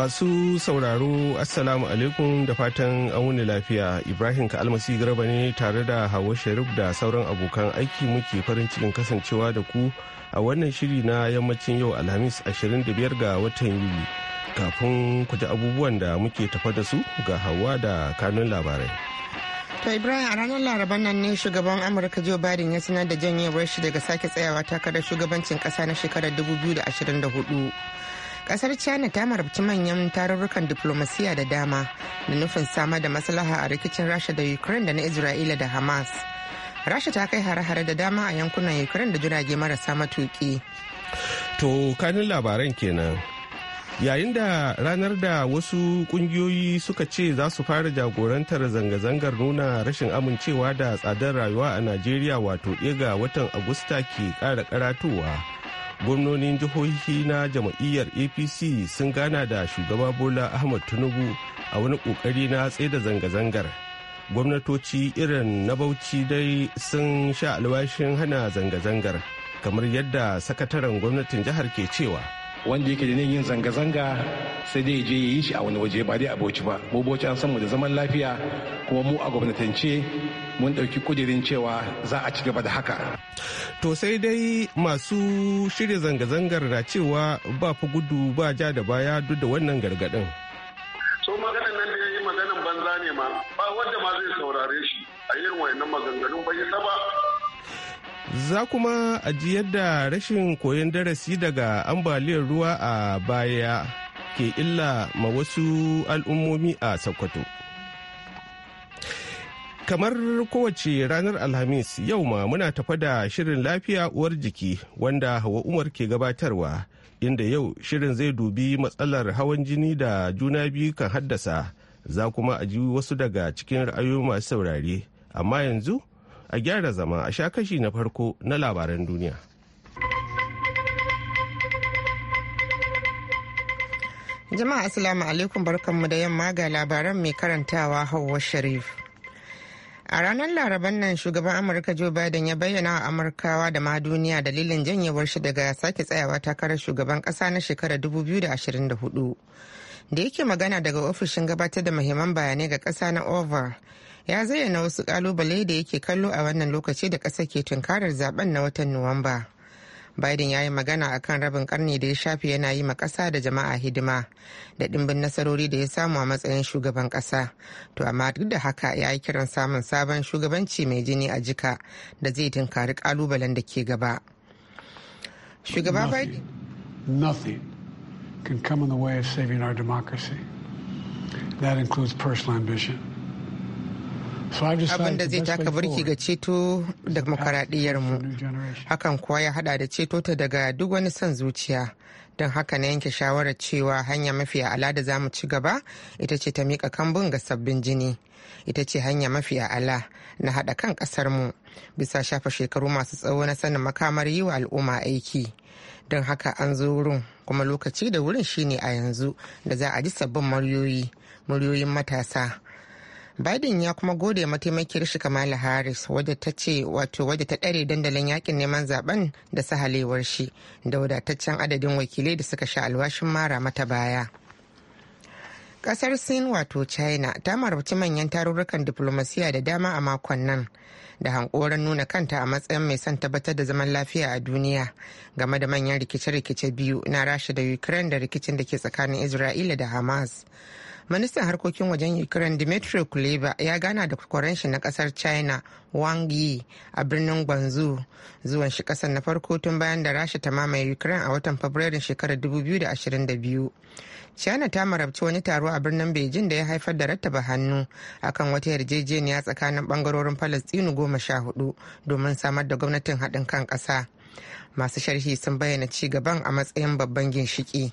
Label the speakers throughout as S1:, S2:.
S1: Masu sauraro Assalamu alaikum da fatan an wuni lafiya Ibrahim ka almasi Garba ne tare da Hawa Sharif da sauran abokan aiki muke farin cikin kasancewa da ku a wannan shiri na yammacin yau Alhamis 25 ga watan Yuli. Kafin ku ji abubuwan da muke tafa da su ga Hawa da kanun labarai.
S2: ta Ibrahim a ranar Laraban nan ne shugaban Amurka Joe Biden ya sanar da janyewar shi daga sake tsayawa takarar shugabancin kasa na shekarar 2024. kasar china ta marabci manyan tarurrukan diplomasiya da dama da nufin samar da maslaha a rikicin rasha da ukraine da na isra'ila da hamas rasha ta kai hare-hare da dama a yankunan ukraine da jirage marasa matuki
S1: to kanin labaran kenan yayin da ranar da wasu kungiyoyi suka ce za su fara jagorantar zanga-zangar nuna rashin amincewa da tsadar rayuwa a najeriya wato ɗaya watan agusta ke ƙara karatowa gwamnonin jihohi na jam'iyyar apc sun gana da shugaba bola ahmad tinubu a wani kokari na tsaida zanga-zangar gwamnatoci irin na bauchi dai sun sha alwashin hana zanga-zangar kamar yadda sakataren gwamnatin jihar ke cewa wanda yake da yin zanga-zanga sai dai je yi shi a wani waje ba dai a bauchi ba mu bauchi an san mu da zaman lafiya kuma mu a gwamnatance mun ɗauki kudirin cewa za a ci gaba da haka. To sai dai masu shirya zanga-zangar na cewa ba fa gudu ba ja da baya duk da wannan gargadin. So maganan nan da ya yi maganan banza ne ma ba wanda ma zai saurare shi a irin wayannan maganganun ya saba Za kuma aji yadda rashin koyon darasi daga ambaliyar ruwa a baya ke illa ma wasu al'ummomi a Sokoto. Kamar kowace ranar Alhamis yau ma muna tafa da shirin lafiya uwar jiki wanda Hawa Umar ke gabatarwa inda yau shirin zai dubi matsalar hawan jini da juna biyu kan haddasa za kuma aji wasu daga cikin ra'ayoyi masu saurare amma yanzu a gyara zama a sha kashi na farko na labaran duniya.
S2: Jama'a Assalamu alaikum barkanmu da yamma ga labaran mai karantawa Hauwa Sharif. A ranar Laraban nan shugaban Amurka Joe Biden ya bayyana wa Amurkawa da ma duniya dalilin janyewar shi daga sake tsayawa takarar shugaban kasa na shekarar 2024. Da yake magana daga ofishin gabatar da muhimman bayanai ga kasa na over ya zayyana wasu kalubale da yake kallo a wannan lokaci da ƙasa ke tunkarar zaben na watan nuwamba biden ya yi magana a kan rabin karni da ya shafi yana yi ma ƙasa da jama'a hidima da ɗimbin nasarori da ya samu a matsayin shugaban kasa to amma duk da haka ya yi kiran samun sabon shugabanci mai jini a jika da zai tunkari kalubalen da ke gaba shugaba
S1: nothing can come in the way of saving our democracy that includes personal ambition
S2: abin da zai taka birki ga ceto da mu hakan kuwa ya hada da ceto ta daga duk wani son zuciya don haka na yanke shawarar cewa hanya mafi ala da za mu ci gaba ita ce ta miƙa kambun ga sabbin jini ita ce hanya mafi ala na haɗa kan mu bisa shafa shekaru masu tsawo na sanin makamar yi wa al'umma aiki don haka an zo wurin kuma lokaci da wurin shine a yanzu da za a ji sabbin muryoyi muryoyin matasa Biden ya kuma gode mataimakiyar shi Kamala Harris wadda ta ce wato wadda ta ɗare dandalin yakin neman zaben da sahalewar shi da wadataccen adadin wakilai da suka sha alwashin mara mata baya. Kasar Sin wato China ta marabci manyan tarurrukan diplomasiya da dama a makon nan da hankoran nuna kanta a matsayin mai son tabbatar da zaman lafiya a duniya game da manyan rikice-rikice biyu na Rasha da Ukraine da rikicin da ke tsakanin Isra'ila da Hamas. ministan harkokin wajen ukraine dmitry kuleba ya gana da kwakwaran shi na kasar china wang yi a birnin gwanzu zuwan shi kasar na farko tun bayan da rasha ta mamaye ukraine a watan fabrairun shekarar 2022 china ta marabci wani taro a birnin beijing da ya haifar da rattaba hannu akan wata yarjejeniya tsakanin bangarorin palestinu goma sha hudu domin samar da gwamnatin haɗin kan ƙasa masu sharhi sun bayyana ci gaban a matsayin babban ginshiki.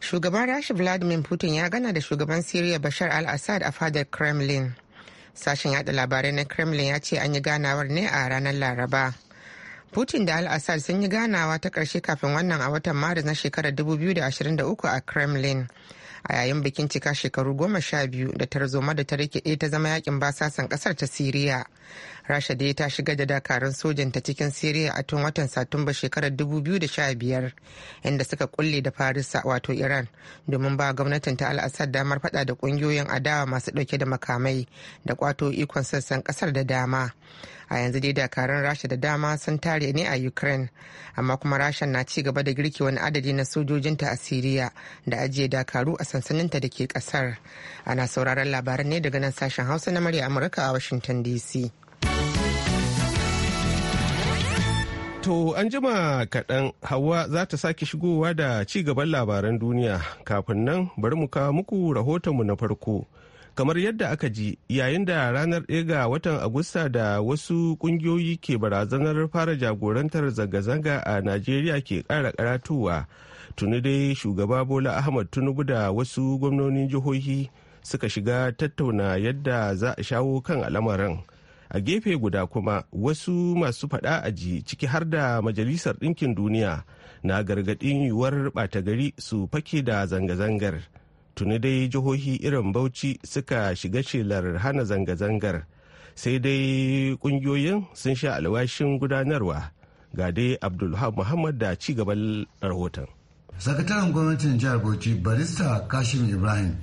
S2: shugaban rasha vladimir putin ya gana da shugaban syria bashar al-assad a fadar kremlin sashen yada labarai na kremlin ya ce an yi ganawar ne a ranar laraba putin da al-assad sun yi ganawa ta ƙarshe kafin wannan a watan maris na shekarar 2023 a kremlin a yayin bikin cika shekaru goma sha biyu da tarzoma da ta rikide ta zama yakin basasan ƙasar ta siriya rasha dai ta shiga da dakarun sojanta cikin siriya a tun watan satumba shekarar 2015 inda suka kulle da farisa wato iran domin ba gwamnatin ta al'asar damar fada da kungiyoyin adawa masu dauke da makamai da kwato ikon sassan kasar da dama a yanzu dai dakarun rasha da dama sun tare ne a ukraine amma kuma rasha na ci gaba da girki wani adadi na sojojinta a siriya da ajiye dakaru a sansaninta da ke kasar ana sauraron labaran ne daga nan sashen hausa na murya amurka a washington dc
S1: To an jima kaɗan Hauwa za ta sake shigowa da ci gaban labaran duniya kafin nan bari mu kawo muku rahotonmu na farko. Kamar yadda aka ji yayin da ranar ɗaya ga watan Agusta da wasu ƙungiyoyi ke barazanar fara jagorantar zanga-zanga a Najeriya ke ƙara ƙaratowa Tuni dai shugaba Bola Ahmad Tinubu da wasu gwamnonin jihohi suka shiga tattauna yadda za a shawo kan al'amarin. a gefe guda kuma wasu masu faɗa aji ciki har da majalisar ɗinkin duniya na gargaɗin yiwuwar ɓata gari su fake da zanga-zangar tuni dai jihohi irin bauchi suka shiga shelar hana zanga-zangar sai dai ƙungiyoyin sun sha alwashin gudanarwa ga dai abdulhab muhammad da ci gaban rahoton
S3: sakataren gwamnatin jihar bauchi barista kashim ibrahim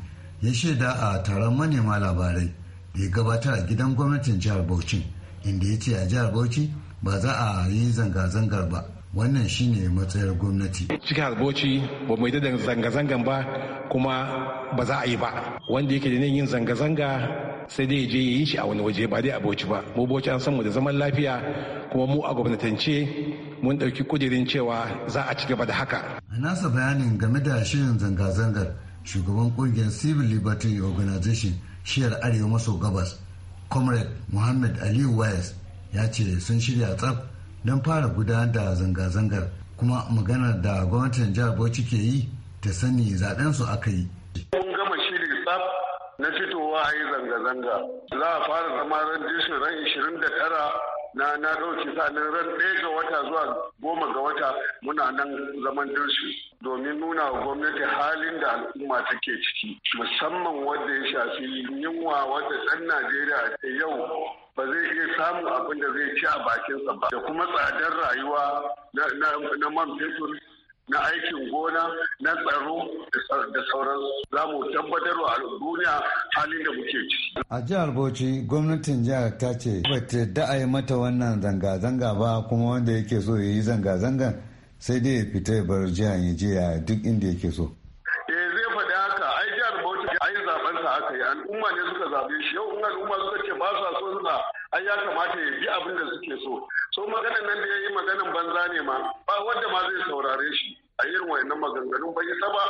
S3: ya shaida a taron manema labarai da ya gabatar a gidan gwamnatin jihar Bauchi inda ya ce a jihar Bauchi ba za a yi zanga-zangar ba wannan shine matsayar gwamnati.
S1: Jihar Bauchi ba mu yi da zanga-zangan ba kuma ba za a yi ba wanda yake da yin zanga-zanga sai dai je yi shi a wani waje ba dai a bauchi ba mu bauchi an san mu da zaman lafiya kuma mu a gwamnatance mun ɗauki kudirin cewa za a ci gaba da haka.
S3: a nasa bayanin game da shirin zanga-zangar shugaban kungiyar civil liberty organization shiyar arewa maso gabas comrade muhammad aliyu wayes ya ce sun shirya tsaf don fara gudanar da zanga-zangar kuma maganar da gwamnatin jihar bauchi ke yi ta sani zaben su aka yi mun gama
S1: shiri tsaf na fitowa a yi zanga-zanga za a fara zama ran ran 29 na na ɗauki sanin ran ɗaya ga wata zuwa goma ga wata muna nan zaman dirshi domin nuna wa gwamnati halin da al'umma take ciki musamman wanda ya shafi yunwa wadda ɗan najeriya da yau ba zai iya samun abin da zai ci a bakinsa ba da kuma tsadar rayuwa na man fetur na aikin gona na tsaro da sauran za mu tabbatar wa duniya halin da muke ci.
S3: A jihar Bauchi gwamnatin jihar ta ce ba ta yi mata wannan zanga-zanga ba kuma wanda yake so ya yi zanga-zangan sai dai ya fita ya bar jihar ya je duk inda yake so. Eh zai faɗi haka ai jihar Bauchi ai zaben sa aka yi al'umma ne suka zabe shi yau in
S1: al'umma suka ce ba sa so suna ai ya kamata ya bi abin da suke so so maganan nan da ya yi maganan banza ne ma ba wanda ma zai saurare shi a irin wayannan maganganun bai isa ba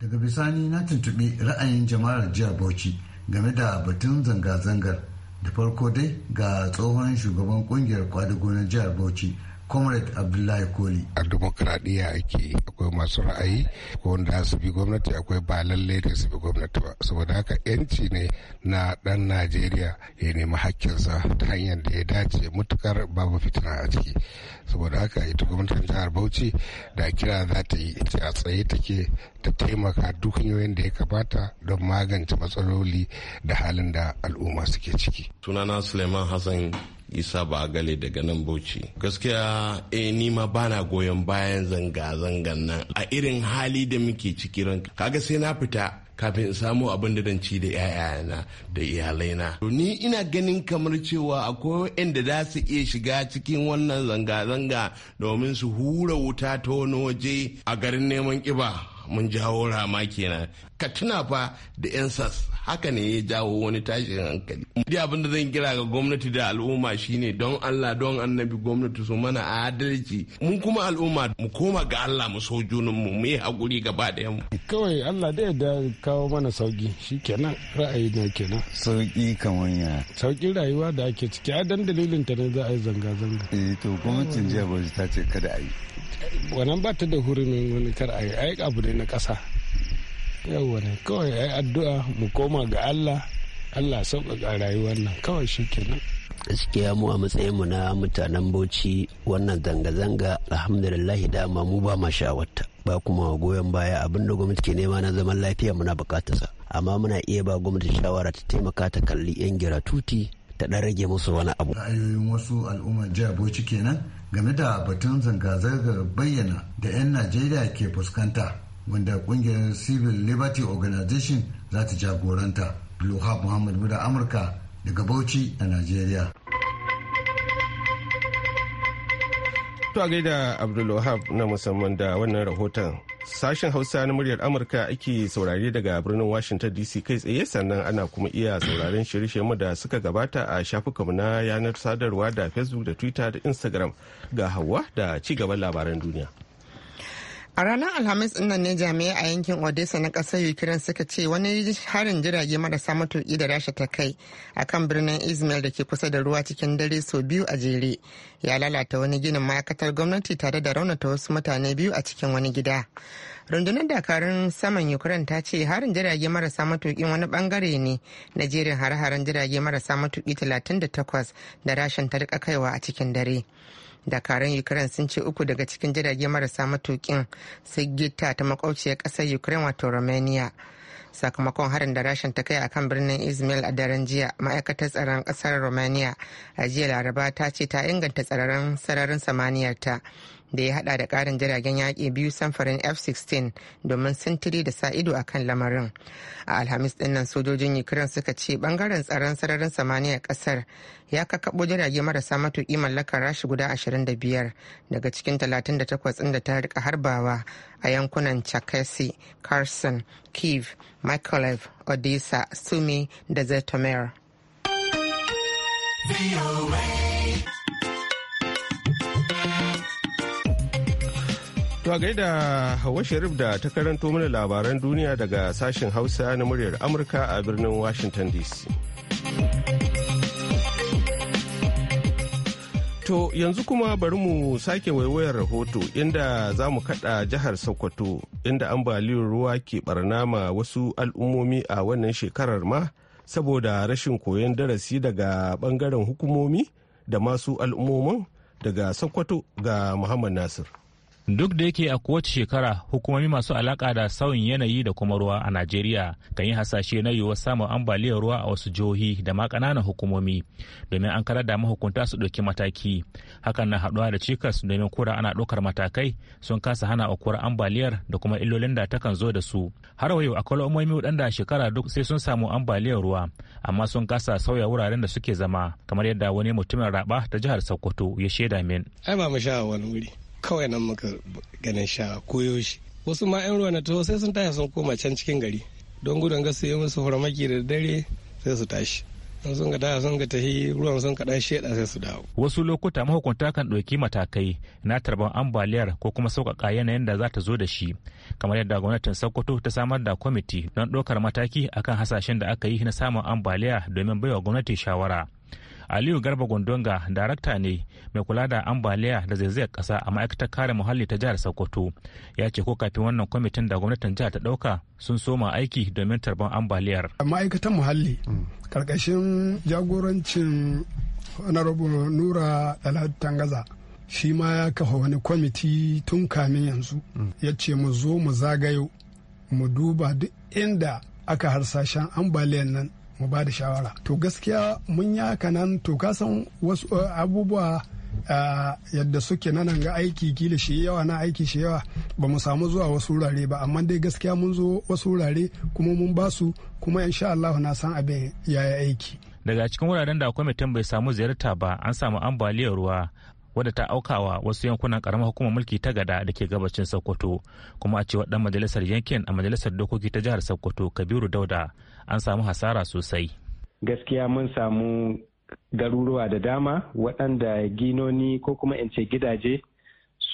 S3: daga bisani na tuntuɓi ra'ayin jama'ar jihar bauchi game da batun zanga-zangar da farko dai ga tsohon shugaban kungiyar kwadago na jihar bauchi comrade abdullahi koli a demokradiyya ake akwai masu ra'ayi ko wanda
S1: su bi gwamnati akwai ba lalle da su bi gwamnati ba saboda haka yanci ne na dan najeriya ya nemi hakkinsa ta hanyar da ya dace mutukar babu fitina a ciki saboda haka ita gwamnatin jihar bauchi da kira za ta yi a tsaye take ta taimaka duk hanyoyin da ya kamata don magance matsaloli da halin da al'umma suke ciki sunana suleiman hassan isa ba gale daga nan bauchi gaskiya eh ni ma bana goyon bayan zanga-zangan nan a irin hali da muke ciki ran kaga sai na fita kafin in samu abin da ci da yayana da iyalaina. To ni ina ganin kamar cewa akwai waɗanda za su iya shiga cikin wannan zanga-zanga domin su hura wuta ta wani waje a garin neman Kiba, mun jawo rama kenan. Ka tuna fa da 'yan sas haka ne ya jawo wani tashin hankali da abin da zan kira ga gwamnati da al'umma shine don Allah don annabi gwamnati su mana adalci mun kuma al'umma mu koma ga Allah mu so junan mu mu yi hakuri gaba da yamma.
S3: kawai Allah da ya kawo mana sauki shikenan ra'ayi na kenan sauki kamar ya sauki rayuwa da ake ciki a dan dalilin ta ne za a yi zanga zanga eh to gwamnatin jiya ta ce kada a yi
S1: wannan ba ta da hurumin wani kar a yi ayi abu ne na kasa yawwa ne kawai ai addu'a mu koma ga Allah Allah sauƙaƙa rayuwar nan kawai shi kenan
S4: gaskiya mu a matsayin mu na mutanen bauchi wannan zanga-zanga alhamdulillah dama mu ba ma shawarta ba kuma goyon baya abinda gwamnati ke nema na zaman lafiya muna sa amma muna iya ba gwamnati shawara ta taimaka ta kalli yan tuti ta dan rage musu wani abu
S3: ra'ayoyin wasu al'ummar jihar bauchi kenan game da batun zanga-zangar bayyana da 'yan najeriya ke fuskanta wanda kungiyar civil liberty organization za ta jagoranta lohab muhammad buda amurka daga bauchi a nigeria
S1: To a gaida Abdulwahab na musamman da wannan rahoton. Sashen Hausa na muryar Amurka ake saurare daga birnin Washington DC kai tsaye sannan ana kuma iya sauraren shirye mu da suka gabata a shafukanmu na yanar sadarwa da Facebook da Twitter da Instagram ga Hauwa da ci gaban labaran duniya.
S2: A ranar Alhamis nan ne jami'ai a yankin Odessa na kasar Ukraine suka ce wani harin jirage marasa matuƙi da rasha ta kai a kan birnin Izmail da ke kusa da ruwa cikin dare sau biyu a jere ya lalata wani ginin ma'aikatar gwamnati tare da raunata wasu mutane biyu a cikin wani gida. Rundunar dakarun saman Ukraine ta ce harin jirage marasa matukin wani bangare ne na jerin hare-haren jirage marasa matuƙi 38 da rashin ta kaiwa a cikin dare. dakaran ukraine sun ce uku daga cikin jirage marasa matukin sigita ta makwauciyar kasar ukraine wato romania sakamakon harin da rashin ta kai a kan birnin izmail a daren jiya ma'aikatar tsaron kasar romania a jiya laraba ta ce ta inganta tsararin sararin samaniyar ta da ya hada da karin jiragen yaƙi biyu samfarin f-16 domin sintiri da sa ido a kan lamarin a alhamis dinnan sojojin ukraine suka ce bangaren tsaron sararin samaniya kasar ya kakabo jirage marasa matuƙi mallakar rashi guda 25 daga cikin 38 ɗin da ta rika harbawa a yankunan chakasi carson kiev mikolev odessa sumi da zetomer
S1: To gaida hauwa Sharif da ta karanto mana labaran duniya daga sashen Hausa na muryar Amurka a birnin Washington DC. To yanzu kuma bari mu sake waiwayar rahoto inda za mu kada jihar Sokoto inda ambaliyar ruwa ke barna ma wasu al'ummomi a wannan shekarar ma saboda rashin koyon darasi daga bangaren hukumomi da masu al'ummomin daga Sokoto ga Muhammad Nasir.
S5: duk da yake a kowace shekara hukumomi masu alaka da sauyin yanayi da kuma ruwa a najeriya kan yi hasashe na yiwuwar samun ambaliyar ruwa a wasu jihohi da ma ƙananan hukumomi domin an karar da mahukunta su ɗauki mataki hakan na haɗuwa da cikas domin kura ana ɗaukar matakai sun kasa hana aukuwar ambaliyar da kuma illolin da takan zo da su har wayo akwai al'ummomi waɗanda shekara duk sai sun samu ambaliyar ruwa amma sun kasa sauya wuraren da suke zama kamar yadda wani mutumin raba ta jihar sokoto ya shaida min
S3: ai ba mu
S1: sha wani wuri kawai nan muka ganin sha shi wasu ma 'yan ruwa na taho sai sun tashi sun koma can cikin gari don gudun gasu yi musu farmaki da dare sai su tashi
S6: sun
S5: sun gada sun ga tahi ruwan sun kaɗan sheɗa sai su dawo. Wasu lokuta mahukunta kan ɗauki matakai na tarban ambaliyar ko kuma sauƙaƙa yanayin da za ta zo da shi. Kamar yadda gwamnatin Sokoto ta samar da kwamiti don ɗaukar mataki akan hasashen da aka yi na samun ambaliya domin baiwa gwamnati shawara. aliyu garba gondonga darakta ne mai kula da ambaliya da zaizayar kasa a ma'aikatar kare muhalli ta jihar sokoto ya ce ko kafin wannan kwamitin da gwamnatin jihar ta dauka sun soma aiki domin tarban ambaliyar
S1: ma'aikatan muhalli karkashin mm. jagorancin honorable nura dalhatu tangaza shi ma ya kafa wani kwamiti tun kamin yanzu mm. ya ce mu zo mu zagayo mu duba duk inda aka harsashen ambaliyar nan mu ba da shawara to gaskiya mun yi haka nan to ka san wasu eh, abubuwa eh, yadda suke nan ga aiki kila shi yawa na aiki shi yawa ba mu samu zuwa wasu wurare ba amma dai gaskiya mun zo wasu wurare kuma mun ba su kuma insha Allah na san abin yaya aiki
S5: daga cikin wuraren da kwamitin bai samu ziyarta ba an samu ambaliyar ruwa wadda ta aukawa wasu yankunan karamar hukumar mulki ta gada da ke gabacin sokoto kuma a cewa dan majalisar yankin a majalisar dokoki ta jihar sokoto kabiru dauda an samu hasara sosai
S1: gaskiya mun samu garuruwa da dama waɗanda ginoni ko kuma in ce gidaje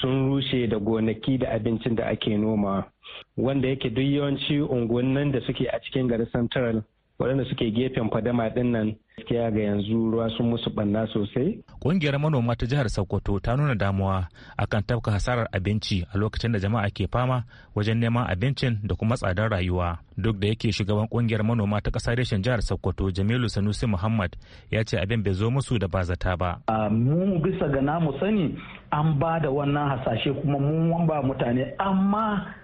S1: sun rushe da gonaki da abincin da ake nomawa wanda yake duk yawanci unguwannin da suke a cikin garin central waɗanda suke gefen fadama ɗin nan gaskiya ga yanzu ruwa sun musu ɓanna sosai.
S5: Ƙungiyar manoma ta jihar Sokoto ta nuna damuwa akan tafka hasarar abinci a lokacin da jama'a ke fama wajen neman abincin da kuma tsadar rayuwa. Duk da yake shugaban ƙungiyar manoma ta ƙasar reshen jihar Sokoto Jamilu Sanusi Muhammad ya ce abin bai zo musu da bazata ba. Mu bisa ga namu sani an ba da wannan hasashe kuma mun wamba mutane amma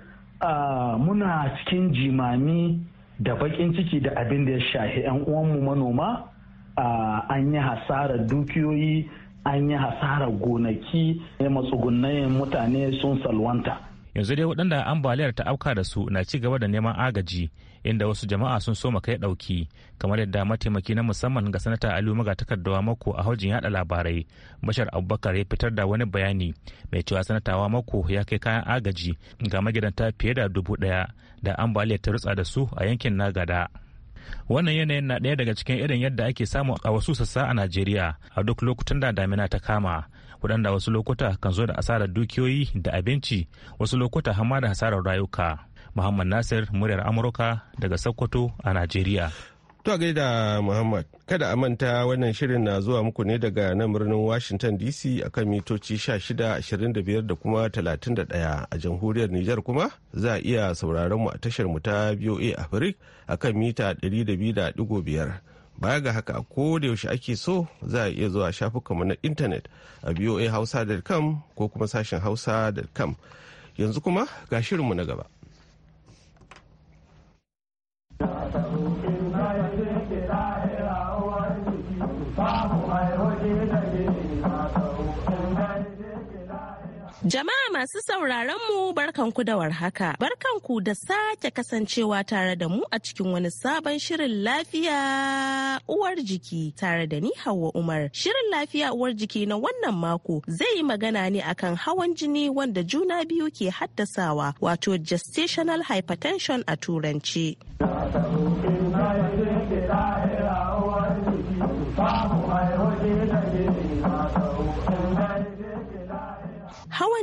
S5: muna cikin jimami da bakin ciki da abin da ya shahi 'yan uwanmu manoma an yi hasarar dukiyoyi an yi hasarar gonaki matsugunan mutane sun salwanta yanzu dai waɗanda ambaliyar ta auka da su na ci gaba da neman agaji inda wasu jama'a sun soma kai ɗauki kamar yadda mataimaki na musamman ga sanata aliyu magatakardawa mako a haujin yaɗa labarai bashar abubakar ya fitar da wani bayani mai cewa sanatawa mako ya kai kayan agaji ga magidanta fiye da dubu ɗaya da ambaliyar ta rutsa da su a yankin nagada wannan yanayin na ɗaya daga cikin irin yadda ake samu a wasu sassa a najeriya a duk lokutan da damina ta kama waɗanda wasu lokuta kan zo da asarar dukiyoyi da abinci wasu lokuta hama da hasarar rayuka muhammad nasir muryar amurka daga sokoto a najeriya
S1: To gaida Muhammad, kada a manta wannan shirin na zuwa muku ne daga nan birnin Washington DC akan mitoci 1625 da kuma 31 a jamhuriyar Nijar kuma za a iya sauraron mu a tashar mu ta BOA afirik akan mita 200.5. baya ga haka ko da yaushe ake so za a iya zuwa shafukanmu na intanet a voahausa.com ko kuma sashen hausa.com yanzu kuma ga shirinmu na gaba
S7: Jama'a masu sauraron mu barkanku da warhaka. Barkanku da sake kasancewa tare da mu a cikin wani sabon shirin lafiya uwar jiki tare da ni Hauwa Umar. Shirin lafiya uwar jiki na wannan mako zai yi magana ne akan hawan jini wanda juna biyu ke haddasawa wato gestational hypertension a turanci.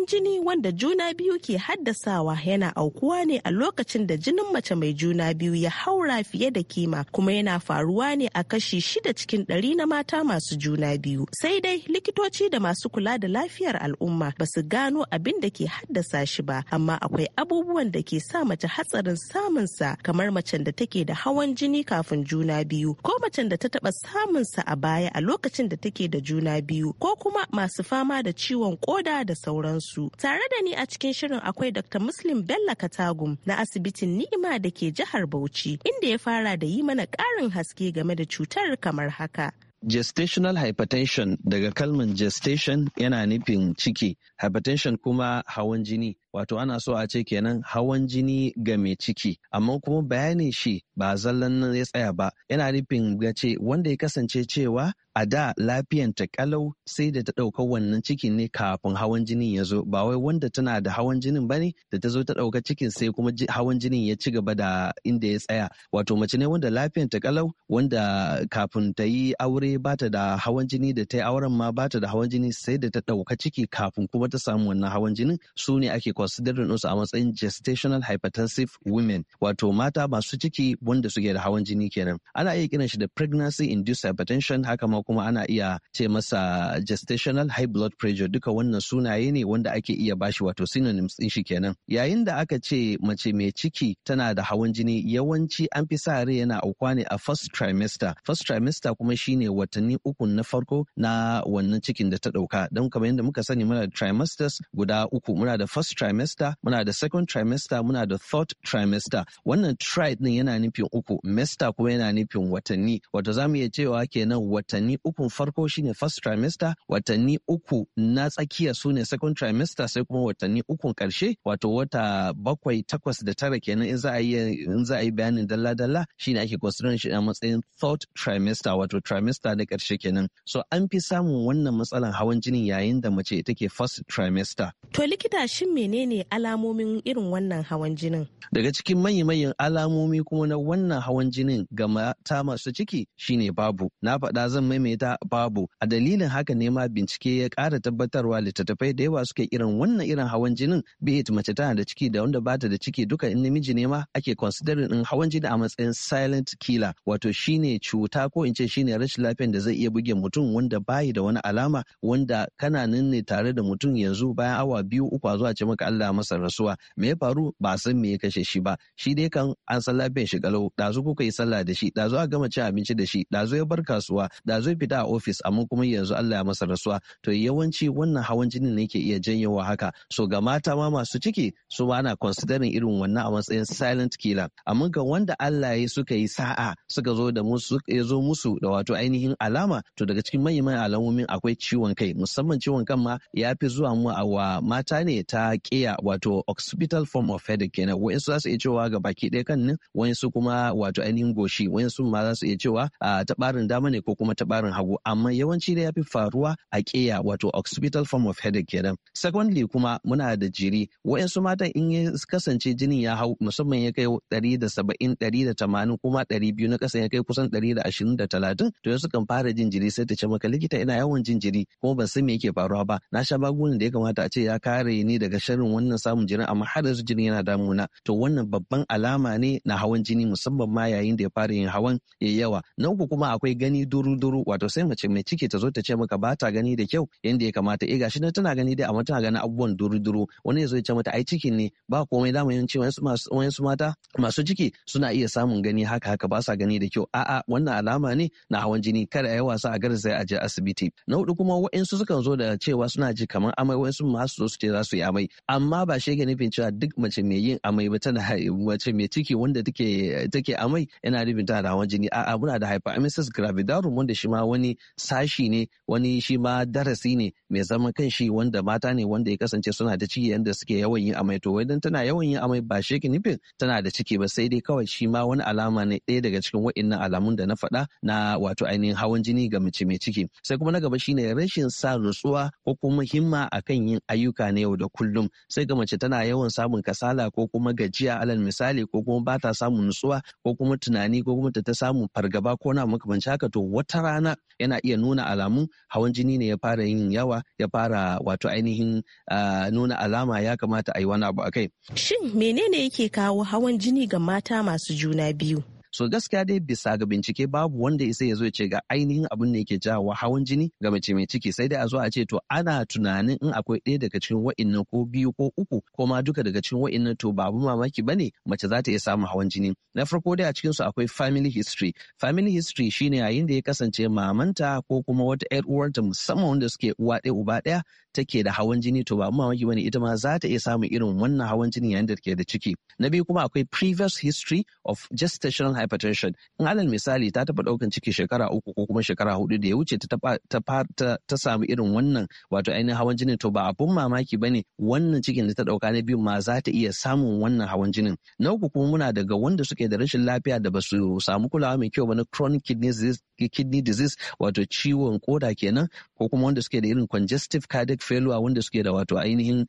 S7: jini wanda juna biyu ke haddasawa yana aukuwa ne a lokacin da jinin mace mai juna biyu ya haura fiye da kima kuma yana faruwa ne a kashi shida cikin ɗari na mata masu juna biyu. Sai dai likitoci da masu kula da lafiyar al'umma ba su gano abin da ke haddasa shi ba, amma akwai abubuwan da ke sa mace hatsarin samun sa kamar macen da take da hawan jini kafin juna biyu ko macen da ta taba samun sa a baya a lokacin da take da juna biyu ko kuma masu fama da ciwon koda da sauransu. su. Tare da ni a cikin shirin akwai Dr. Muslim Bello Katagum na asibitin Ni'ima da ke jihar Bauchi inda ya fara da yi mana ƙarin haske game da cutar kamar haka.
S4: Gestational hypertension daga kalman gestation yana nufin ciki, hypertension kuma hawan jini. Wato ana so a ce kenan hawan jini ga mai ciki, amma kuma bayanin shi ba zallan ya tsaya ba, yana nufin gace wanda ya kasance cewa a da lafiyan ta kalau sai da ta ɗauka wannan cikin ne kafin hawan jini ya zo ba wai wanda tana da hawan jinin ba ne da ta zo ta ɗauka cikin sai kuma hawan jinin ya ci gaba da inda ya tsaya wato mace ne wanda ta kalau wanda kafin ta yi aure ba ta da hawan jini da ta yi auren ma ba ta da hawan jini sai da ta ɗauka ciki kafin kuma ta samu wannan hawan jinin su ne ake considering su a matsayin gestational hypertensive women wato mata masu ciki wanda suke da hawan jini kenan ana iya kiran shi da pregnancy induced hypertension haka ma kuma ana iya ce masa gestational high blood pressure duka wannan sunaye ne wanda ake iya bashi wato synonyms din shi kenan yayin da aka ce mace mai ciki tana da hawan jini yawanci an fi sa rai yana aukwa ne a first trimester first trimester kuma shine watanni uku na farko na wannan cikin da ta dauka don kamar yadda muka sani muna da trimesters guda uku muna da first trimester muna da second trimester muna da third trimester wannan tri din yana nufin uku mester kuma yana nufin watanni wato zamu iya cewa kenan watanni watanni ukun farko shine first trimester watanni uku na tsakiya su ne second trimester sai kuma watanni ukun karshe wato wata bakwai takwas da tara kenan in za a yi in za a yi bayanin dalla dalla shine ake considering shi a matsayin third trimester wato trimester na karshe kenan so an fi samun wannan matsalan hawan jinin yayin da mace take first trimester
S7: to likita shin menene alamomin irin wannan hawan jinin
S4: daga cikin manyan alamomi kuma na wannan hawan jinin ga mata masu ciki shine babu na faɗa zan mai maimaita babu a dalilin haka ne ma bincike ya ƙara tabbatarwa littattafai da yawa suke irin wannan irin hawan jinin bihit mace tana da ciki da wanda bata da ciki duka in namiji ne ma ake considering din hawan jini a matsayin silent killer wato shine cuta ko in ce shine rashin lafiyar da zai iya buge mutum wanda bayi da wani alama wanda kana nan ne tare da mutum yanzu bayan awa biyu uku a zuwa ce maka Allah masa rasuwa me ya faru ba san me ya kashe shi ba shi dai kan an san lafiyan shi galau dazu kuka yi sallah da shi dazu a gama cin abinci da shi dazu ya bar kasuwa dazu fita a ofis amma kuma yanzu Allah ya masa rasuwa to yawanci wannan hawan jinin ne ke iya janyowa haka so ga mata ma masu ciki su ba na considering irin wannan a matsayin silent killer amma ga wanda Allah ya suka yi sa'a suka zo da musu ya zo musu da wato ainihin alama to daga cikin manyan alamomin akwai ciwon kai musamman ciwon kan ma ya fi zuwa mu a wa mata ne ta kiya wato occipital form of headache kenan wa'insu za su iya cewa ga baki ɗaya kan nan su kuma wato ainihin goshi su ma za su iya cewa a tabarin dama ne ko kuma tabarin ɓangaren hagu amma yawanci da ya fi faruwa a ƙeya wato occipital form of headache kenan. Secondly kuma muna da jiri wa'yansu mata in ya kasance jinin ya hau musamman ya kai ɗari da saba'in ɗari da tamanin kuma ɗari biyu na kasa ya kai kusan ɗari da ashirin da talatin to yanzu kan fara jin jiri sai ta ce maka likita ina yawan jin jiri kuma ban san me yake faruwa ba na sha magungunan da ya kamata a ce ya kare ni daga sharrin wannan samun jiri amma har yanzu jini yana damuna to wannan babban alama ne na hawan jini musamman ma yayin da ya fara yin hawan ya yawa na uku kuma akwai gani duru duru wato sai mace mai ciki ta zo ta ce maka ba ta gani da kyau yanda ya kamata eh gashi na tana gani dai amma tana ganin abubuwan duru-duru wani ya zo ya ce mata ai cikin ne ba komai dama ce wayansu mata masu ciki suna iya samun gani haka haka ba sa gani da kyau a'a wannan alama ne na hawan jini kada a yi wasa a garzaya a je asibiti na hudu kuma wa'insu sukan zo da cewa suna ji kamar amai wa'insu ma su zo su ce za su yi amai amma ba shi ga nufin cewa duk mace mai yin amai ba tana mace mai ciki wanda take take amai yana nufin tana da hawan jini a'a muna da hyperemesis gravidarum wanda shi ma ma wani sashi ne wani shi ma darasi ne mai zaman shi wanda mata ne wanda ya kasance suna da ciki yanda suke yawan yin amai to idan tana yawan yin amai ba shi nufin tana da ciki ba sai dai kawai shi ma wani alama ne ɗaya daga cikin wa'innan alamun da na faɗa na wato ainihin hawan jini ga mace mai ciki sai kuma na gaba shi ne rashin sa nutsuwa ko kuma himma akan yin ayyuka na yau da kullum sai ga mace tana yawan samun kasala ko kuma gajiya alal misali ko kuma ba ta samun nutsuwa ko kuma tunani ko kuma ta samun fargaba ko na makamanci haka to wata rana nuna yana iya nuna alamu. hawan jini ne ya fara yin yawa ya fara wato ainihin nuna alama ya kamata a yi wani abu a kai. Shin menene yake kawo hawan jini ga mata masu juna biyu? so gaskiya dai bisa ga bincike babu wanda isa ya zo ya ce ga ainihin abin da yake jawo hawan jini ga mace mai ciki sai dai a zo a ce to ana tunanin in akwai ɗaya daga cikin wa'innan ko biyu ko uku ko ma duka daga cikin wa'innan to babu mamaki bane mace za ta iya samun hawan jini na farko dai a cikin su akwai family history family history shine yayin da ya kasance mamanta ko kuma wata yar uwarta musamman wanda suke uwa ɗaya uba ɗaya take da hawan jini to ba mamaki bane ita ma za ta iya samun irin wannan hawan jini yayin da take da ciki na biyu kuma akwai previous history of gestational hypertension in alal misali ta taba daukan ciki shekara uku ko kuma shekara hudu da ya wuce ta ta samu irin wannan wato ainihin hawan jini to ba abun mamaki bane wannan cikin da ta dauka na biyu ma za ta iya samun wannan hawan jinin na uku kuma muna daga wanda suke da rashin lafiya da ba su samu kulawa mai kyau ba na chronic kidney disease wato ciwon koda kenan ko kuma wanda suke da irin congestive cardiac failure wanda suke da wato ainihin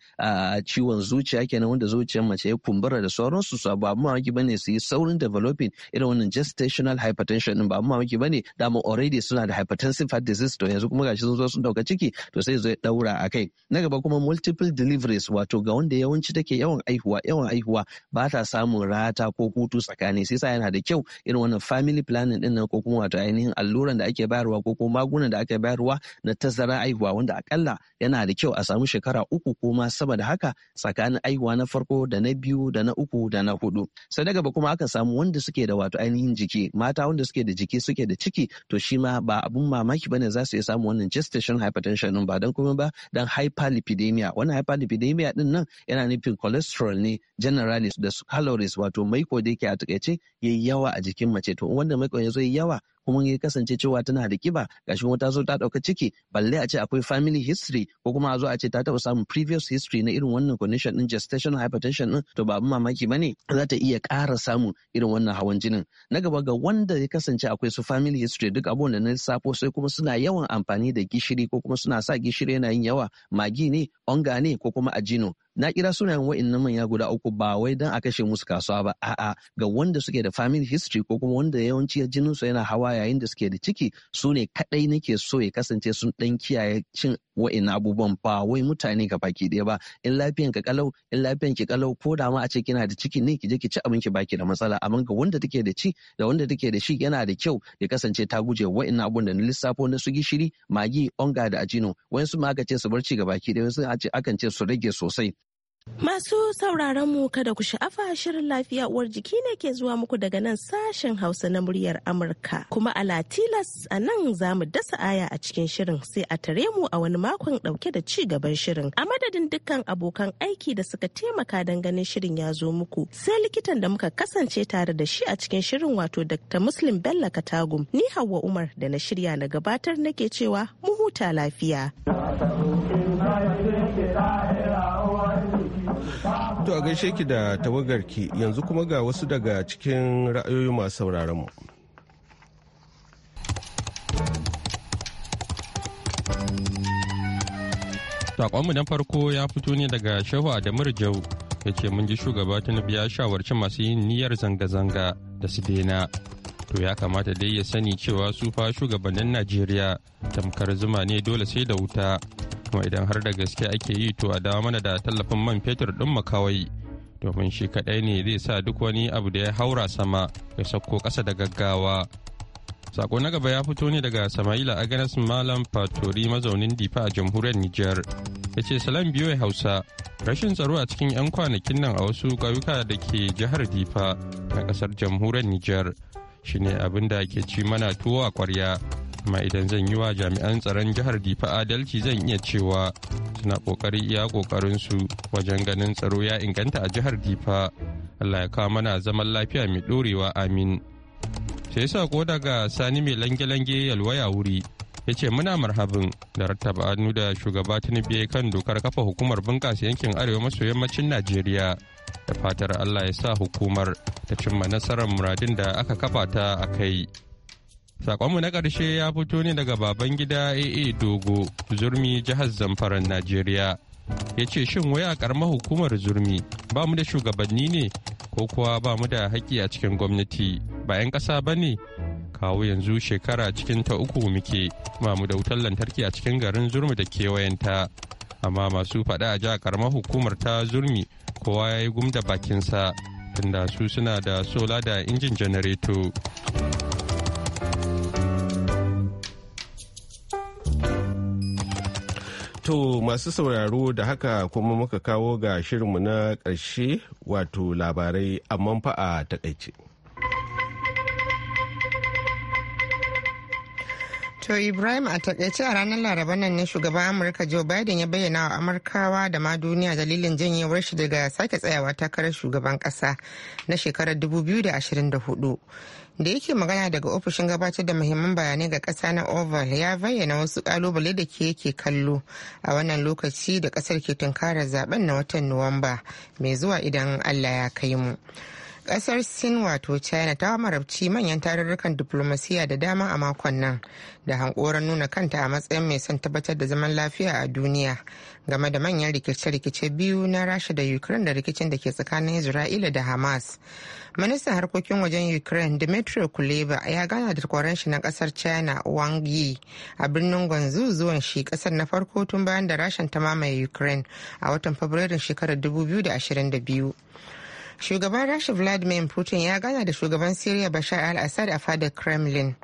S4: ciwon zuciya kenan wanda zuciyar mace ya kumbura da sauransu su ba mu mamaki bane su yi saurin developing irin wannan gestational hypertension din ba mu mamaki bane mu already suna da hypertensive heart disease to yanzu kuma gashi sun zo sun dauka ciki to sai zai daura a kai na gaba kuma multiple deliveries wato ga wanda yawanci take yawan aihuwa yawan aihuwa ba ta samun rata ko hutu tsakani sai sa yana da kyau irin wannan family planning din nan ko kuma wato ainihin alluran da ake bayarwa ko kuma magunan da ake bayarwa na tazara aihuwa wanda akalla yana yana da kyau a samu shekara uku ko ma sama da haka tsakanin aihuwa na farko da na biyu da na uku da na hudu sai daga ba kuma aka samu wanda suke da wato ainihin jiki mata wanda suke da jiki suke da ciki to shi ma ba abun mamaki bane za su iya samu wannan gestation hypertension din ba dan kuma ba dan hyperlipidemia wannan hyperlipidemia din nan yana nufin cholesterol ne generalis da calories wato maiko da yake a takaice yayi yawa a jikin mace to wanda maikon ya zo yawa kuma ya kasance cewa tana da kiba gashi wata ta zo ta dauka ciki balle a ce akwai family history ko kuma a zo a ce ta taba samun previous history na irin wannan condition din gestational hypertension din to ba ne mamaki bane za ta iya ƙara samun irin wannan hawan jinin na gaba ga wanda ya kasance akwai su family history duk abun da na lissafo sai kuma suna yawan amfani da gishiri ko kuma suna sa gishiri yana yin yawa magi ne onga ne ko kuma ajino na kira sunayen wa'annan manya guda uku ba wai don a kashe musu kasuwa ba a'a ga wanda suke da family history ko kuma wanda yawanci jinin su yana hawa yayin da suke da ciki su ne kadai nake so ya kasance sun dan kiyaye cin wa'annan abubuwan ba wai mutane ka baki ɗaya ba in lafiyan ka kalau in lafiyan ki kalau ko da ma a ce kina da ciki ne ki je ki ci abin ki baki da matsala amma ga wanda take da ci da wanda take da shi yana da kyau ya kasance ta guje wa'annan abun da na lissafo na su gishiri magi onga da ajino wayansu ma aka ce su bar ci ga baki ɗaya wasu akan ce su rage sosai
S7: Masu sauraron mu kada ku sha'afa shirin lafiya uwar jiki ne ke zuwa muku daga nan sashen Hausa na muryar Amurka. Kuma a Latilas a nan za mu dasa aya a cikin shirin sai a tare mu a wani makon ɗauke da ci gaban shirin. A madadin dukkan abokan aiki da suka taimaka don ganin shirin ya zo muku. Sai likitan da muka kasance tare da shi a cikin shirin wato Dr. Muslim Bello Katagum. Ni Hauwa Umar da na shirya na gabatar nake cewa mu huta lafiya.
S1: To a gaishe ki da tawagar ki yanzu kuma ga wasu daga cikin ra'ayoyi masu sauraron mu. Sakonmu na farko ya
S6: fito ne daga Shehu Adamu Jau ya ce mun ji shugaba na ya shawarci masu yin niyyar zanga-zanga da su dena To ya kamata dai ya sani cewa su fa shugabannin Najeriya tamkar zuma ne dole sai da wuta. kuma idan har da gaske ake yi to a dawo mana da tallafin man fetur ɗin makawai domin shi kaɗai ne zai sa duk wani abu da ya haura sama ya sauko kasa da gaggawa sako na gaba ya fito ne daga samaila aganas malam fatori mazaunin difa a jamhuriyar niger ya ce salam ya hausa rashin tsaro a cikin 'yan kwanakin nan a wasu ƙauyuka da ke jihar difa na kasar jamhuriyar niger shine abin da ke ci mana tuwo a kwarya amma idan zan yi wa jami'an tsaron jihar difa adalci zan iya cewa suna kokari iya kokarin su wajen ganin tsaro ya inganta a jihar difa allah ya kawo mana zaman lafiya mai ɗorewa amin sai ko daga sani mai lange-lange yalwaya wuri ya ce muna marhabin da rattaba hannu da shugaba tinubu kan dokar kafa hukumar bunƙasa yankin arewa maso yammacin najeriya da fatar allah ya sa hukumar ta cimma nasarar muradin da aka kafa ta a kai Sakonmu na ƙarshe ya fito ne daga baban gida AA Dogo, Zurmi jihar Zamfaran Najeriya. Ya ce shin wai a ƙaramar hukumar Zurmi ba mu da shugabanni ne ko kuwa ba mu da haƙƙi a cikin gwamnati ba 'yan ƙasa ba ne? Kawo yanzu shekara cikin ta uku muke ba mu da wutar lantarki a cikin garin Zurmi da kewayenta. Amma masu faɗa a jihar ƙaramar hukumar ta Zurmi kowa ya yi gumda bakinsa tunda su suna da sola da injin janareto.
S1: To masu sauraro da haka kuma muka kawo ga shirinmu na ƙarshe wato labarai amma fa a takaice.
S2: To Ibrahim a takaice a ranar Laraba nan ne shugaban Amurka Joe Biden ya bayyana wa Amurkawa da ma duniya dalilin janyewar shi daga sake tsayawa takarar shugaban kasa na shekarar 2024. da yake magana daga ofishin gabatar da muhimman bayanai ga kasa na oval ya bayyana wasu kalubale da ke yake kallo a wannan lokaci da kasar ke tunkarar zaben na watan nuwamba mai zuwa idan allah ya kai mu kasar sin wato china ta marabci manyan tarurrukan diplomasiya da dama a makon nan da hankoran nuna kanta a matsayin mai son tabbatar da zaman lafiya a duniya game da manyan rikice-rikice biyu na rasha da ukraine da rikicin da ke tsakanin isra'ila da hamas ministan harkokin wajen ukraine dmitry kuleba ya gana da kwaran shi na kasar china wang yi a birnin gwanzu zuwan shi kasar na farko tun bayan da rashin ta mamaye ukraine a watan fabrairun shekarar 2022 shugaban rasha vladimir putin ya gana da shugaban syria bashar al-assad a fadar kremlin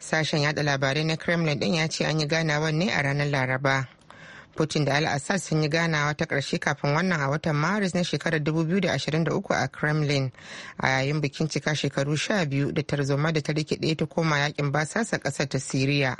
S2: sashen yada labarai na kremlin din ya ce an yi ganawa ne a ranar laraba putin da al-assad sun yi ganawa ta karshe kafin wannan a watan maris na shekarar 2023 a kremlin a yayin bikin cika shekaru 12 da tarzoma da ta rikide ta koma yakin basasa ƙasar ta siriya.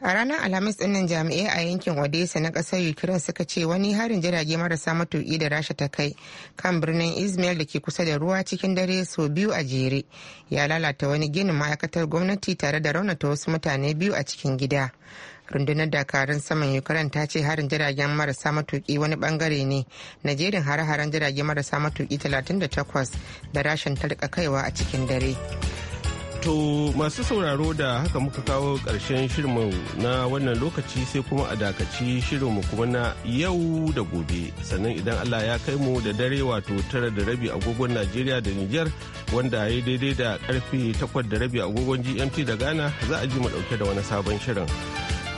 S2: a ranar alhamis dinnan jami'ai a yankin odessa na kasar ukraine suka ce wani harin jirage marasa matuki da rasha ta kai kan birnin izmail da ke kusa da ruwa cikin dare sau biyu a jere ya lalata wani ginin ma'aikatar gwamnati tare da raunata wasu mutane biyu a cikin gida rundunar dakarun saman ukraine ta ce harin jiragen marasa matuki wani bangare ne na jerin hare-haren jirage marasa matuki 38 da rashin ta kaiwa a cikin dare
S1: wato masu sauraro da haka muka kawo ƙarshen shirinmu na wannan lokaci sai kuma a dakaci shirinmu kuma na yau da gobe. Sannan idan Allah ya kai mu da dare wato tara da rabi agogon Najeriya da niger wanda ya daidai da karfe takwas da rabi agogon GMT da Ghana za a ji mu dauke da wani sabon shirin.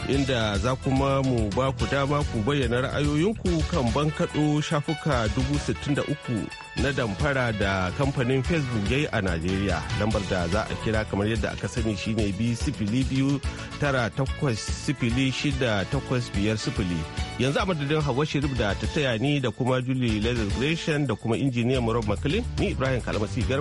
S1: inda za kuma mu ba ku dama ku bayyana ra'ayoyinku kan bankaɗo shafuka 63 na damfara da kamfanin facebook yayi a najeriya lambar da za a kira kamar yadda aka sani shine bi sifili biyu tara takwas sifili shida takwas biyar sifili yanzu a madadin hawa shirif da ta taya ni da kuma julie leather da kuma injiniyan rob mclean ni ibrahim kalmasi garba